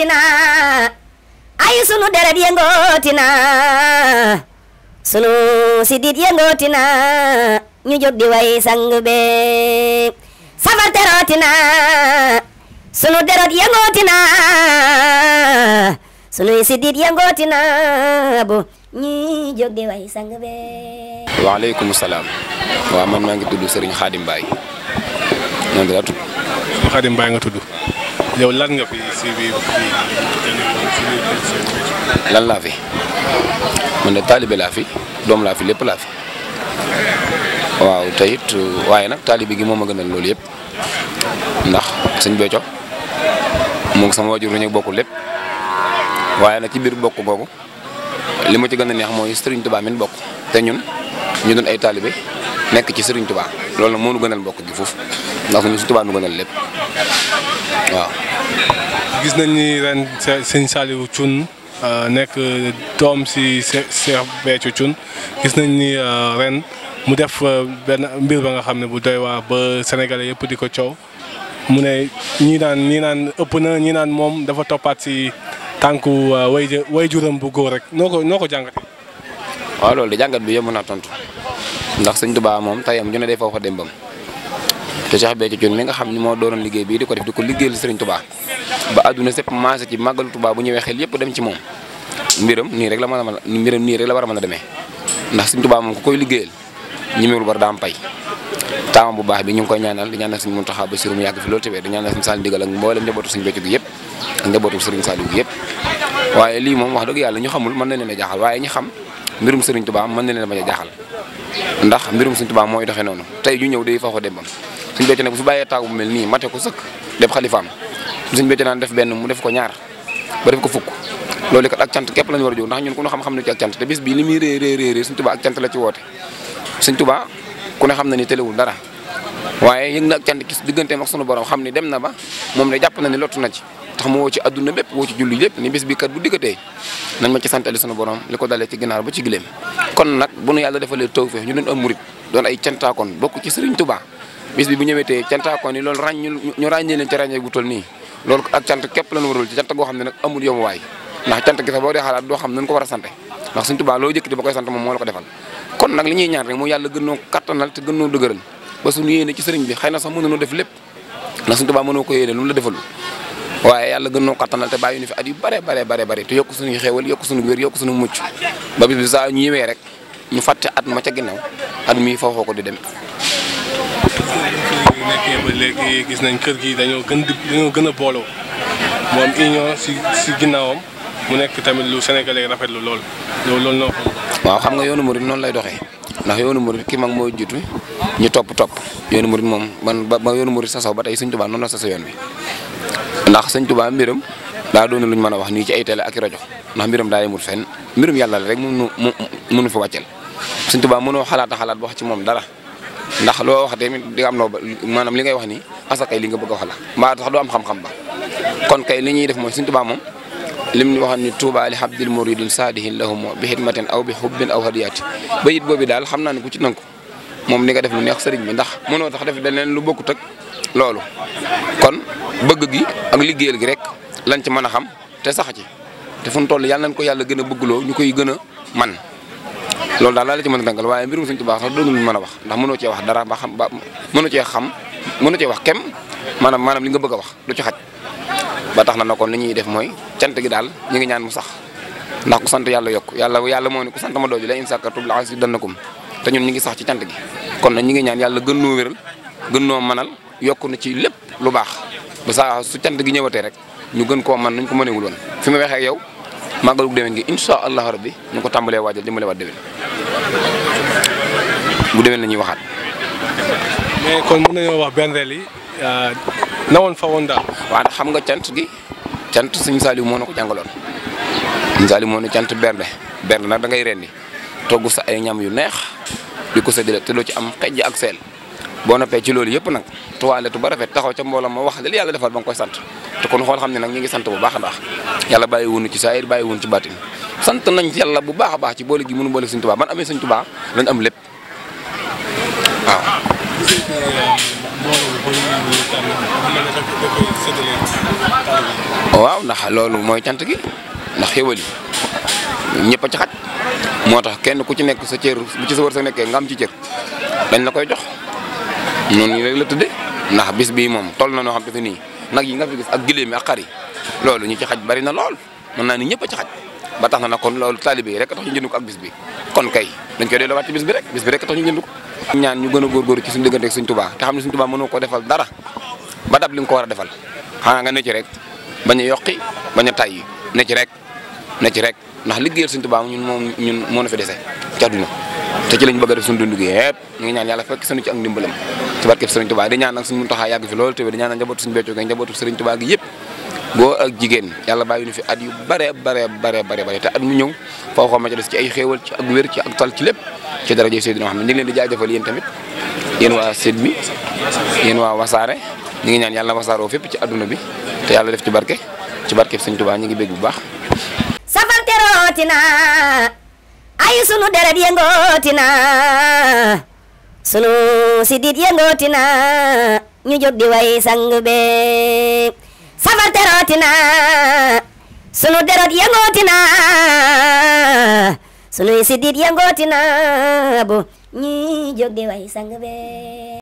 yëngootina ay sunu deret yëngootina sunu sidit yëngootina ñu jóg di way sang be safar terootina sunu deret yëngootina sunuy sidit yëngootina bu ñuy jóg di way sang be salaam waaw man maa ngi tudd Serigne Khadim Mbaye noonu la tudd Khadim Mbaye nga tudd yow lan nga fi si lan laa fi man de taalibe laa fi doom laa fi lépp laa fi waaw te waaye nag taalibe gi moom a gënal loolu yëpp ndax sëñ Béthio moom sama wajur ñu bokkul lépp waaye nag ci biir bokk boobu li ma ci gën a neex mooy sëriñ tubaa min bokk te ñun ñu doon ay taalibe nekk ci Serigne Touba loolu nag moo nu gënal bokk gi foofu ndax ñun si Touba nu gënal lépp. waaw. gis nañ ni ren sëñ Saliou Thioune euh, nekk doom si Cheikh Béthio Thioune gis nañ ni euh, ren mu def euh, benn mbir ba nga xam ne bu doy waar ba sénégalais yëpp di ko coow mu ne ñii naan ñii naan ëpp na ñii naan moom dafa toppaat si tànku way wayjuram bu góor rek noo ko noo ko jàngatee. waaw loolu de jàngat bi yomb naa tontu ndax sëñ Tuubaa moom tey tayam ñu ne day foofa démbam. te Cheikh Béthio Thioune mi nga xam ni moo doonoon liggéey bii di ko def di ko liggéeyal Serigne Touba ba àdduna sépp maase ci màggalu Touba bu ñëwee xel yëpp dem ci moom mbiram nii rek la mën a mën nii rek la war a mën a demee ndax Serigne Touba moom ku koy liggéeyal ñemewul bar daam pay taamam bu baax bi ñu ngi koy ñaanal di ñaanal Serigne Mountakha Bassirou mu yàgg fi loolu tawee di ñaanal Serigne Saliou Digal ak mboolem njabootu Serigne Béthio gi yëpp waaye lii moom wax dëgg yàlla ñu xamul mën na leen a jaaxal waaye ñi xam mbirum Serigne Touba mën na leen bañ a ndax mbirum Serigne Touba mooy doxee noonu tey ñu ñëw day faaxoo dem bam suñu béykat nag bu fi bàyyee taaw bu mel nii mate ko sëkk def xalifaam suñu béykat naan def benn mu def ko ñaar ba def ko fukk loolu kat ak cant képp lañu war a jóg ndax ñun ku ñu xam-xam ne ci ak cant te bis bii li muy ree rée rée Serigne Touba ak cant la ci woote Serigne Touba ku ne xam na ni telewul dara waaye yëg na ak cant gis digganteem ak sunu borom xam ni dem na ba moom ne jàpp na ni lottu na ci tax mu woo ci adduna bépp woo ci julli lépp ni bés bi kat bu dikkatee nañ ma ci santale sunu borom li ko dalee ci ginaar ba ci gileem kon nag bu yàlla defalee tawfeex ñu doon am murit ci Serigne bi bu ñëwetee xam ne nag amul yomu waay ndax cant gi sax boo a sante ndax la ko defal kon nag li ñuy ñaan rek moo na sax def lépp ndax Serigne Touba mënoo ko yéene lu la defalul waaye yàlla gën noo kattanal te bàyyi ñu fi at yu bare bare bare bare te yokk suñuy xéewal yokk suñu wér yokk suñu mucc ba bis bi saa ñu ñëwee rek ñu fàtte at ma ca ginnaaw at mii foofu ko di dem. nañ kër gi dañoo gën gën a booloo moom union si si ginnaawam mu nekk tamit lu rafet lu lool loolu lool noo xam nga yoonu murid noonu lay doxee ndax yoonu murid ki mag mooy jiitu ñu topp topp yoonu murid moom man ba yoonu murid sasoo ba tey Sëñ Tuubaa noonu la sasoo yoon bi ndax sëñ Tuubaa mbiram daa doon luñ mën a wax nii ci ay télé ak rajo ndax mbiram daa yemul fenn mbirum yàlla la rek mënu mënu fa wàccel sëñ Tuubaa mënoo xalaata xalaat wax ci moom dara ndax loo wax tamit di am loo maanaam li ngay wax nii asakay li nga bëgg a wax la mbaa tax du am xam-xam ba kon kay li ñuy def mooy sëñ Tuubaa moom lim ñu waxoon ni Touba li habdil muridin saadihin lahum bi xidmatin aw bi xubbin aw hadiyaati ba it boobi naa ne ku ci nangu moom li nga def lu neex sëriñ bi ndax mënoo tax def leneen lu bokkut ak loolu kon bëgg gi ak liggéeyal gi rek lañ ci mën a xam te sax ci te fu mu nañ ko yàlla gën a bëgguloo ñu koy gën a man loolu daal laa ci mën a tànkal waaye mbirum Sëñ Tuubaa sax doonul mën a wax ndax mënoo cee wax dara ba xam ba mënoo cee xam mënoo cee wax kem maanaam maanaam li nga bëgg a wax du ci xaj ba tax na na kon li ñuy def mooy cant gi daal ñu ngi ñaan mu sax ndax ku sant yàlla yokk yàlla yàlla moo ne ku sant ma dool ji la in sakartum dan azidannakum te ñun ñu ngi sax ci cant gi kon nag ñu ngi ñaan yàlla gën noo wéral gën noo manal yokku na ci lépp lu baax ba saa su cant gi ñëwatee rek ñu gën koo man nañ ko mënewul woon fi ma waxee ak yow màggalu déwén gi incha allahu rabbi ñu ko tàmbalee waajal dimbale waat déwén bu déwén la ñuy waxaat. mais kon na nañoo wax benn rel yi euh, nawoon fa woon daal. waaw xam nga cant gi cant suñu Saliou moo na ko jàngaloon suñu Saliou moo na cant bernde bernde nag da ngay rendi togg sa ay ñam yu neex di ko séddale te loo ci am xejj ak seel. boo noppee ci loolu yëpp nag toilette ba rafet taxaw ca mbooloo ma wax li yàlla defal ba nga koy sant te kon xool xam ne nag ñu ngi sant bu baax a baax yàlla bàyyi wuñu ci saayir bàyyi wuñu ci baatin sant nañ yàlla bu baax a baax ci boole gi mënu boole Sëñ Tuubaa man amee Sëñ Tuubaa am lépp ndax loolu mooy cant gi ndax xéwal yi ñëpp a ci xaj moo tax kenn ku ci nekk sa cër bu ci sa wërsëg nekkee nga am ci cër dañ la koy jox. noonu nii rek la tëdde ndax bis bii moom toll na noo xam te fi nii nag yi nga fi gis ak giléem yi ak xar yi loolu ñu ci xaj bari na lool mën naa ni ñëpp a xaj ba tax na nag kon loolu taalibe yi rek a tax ñu jënd ko ak bis bi kon kay dañ koy delloowaat ci bis bi rek bis bi rek a tax ñu jënd ko ñaan ñu gën a góorgóorlu ci suñu diggante ak suñ tubaa te xam ne suñ tubaa mënoo ko defal dara ba dab li nga ko war a defal xanaa nga ne ci rek bañ a yokki bañ a tayyi ne ci rek ne ci rek ndax liggéeyal suñ tubaa ñun moom ñun moo na fi dese ci àdduna te ci lañ bëgg a def suñu dund ngi ñaan yàlla fekk suñu ci ak ndimbalam ci barkeb Serigne Touba di ñaan nag suñu Muntaxa yàgg fi loolu tamit di ñaan njabootu suñu Béthio gi njabootu Serigne Touba gi yëpp góor ak jigéen yàlla bàyyi ñu fi at yu bare bare bare te at mu ñëw foo xoo ma ca des ci ay ngi leen di jaajëfal yéen wasaare ñu ngi fépp ci adduna bi te yàlla def ci barke ci barke Sëñ Tuubaa ñu ngi bég bu baax safar terootina ay sunu deret yëngootina sunu sidit yëngooti na ñu jóg di way sang be safar terooti na sunu derot yëngooti na sunu sidit yëngooti na bu ñu jóg di way sang be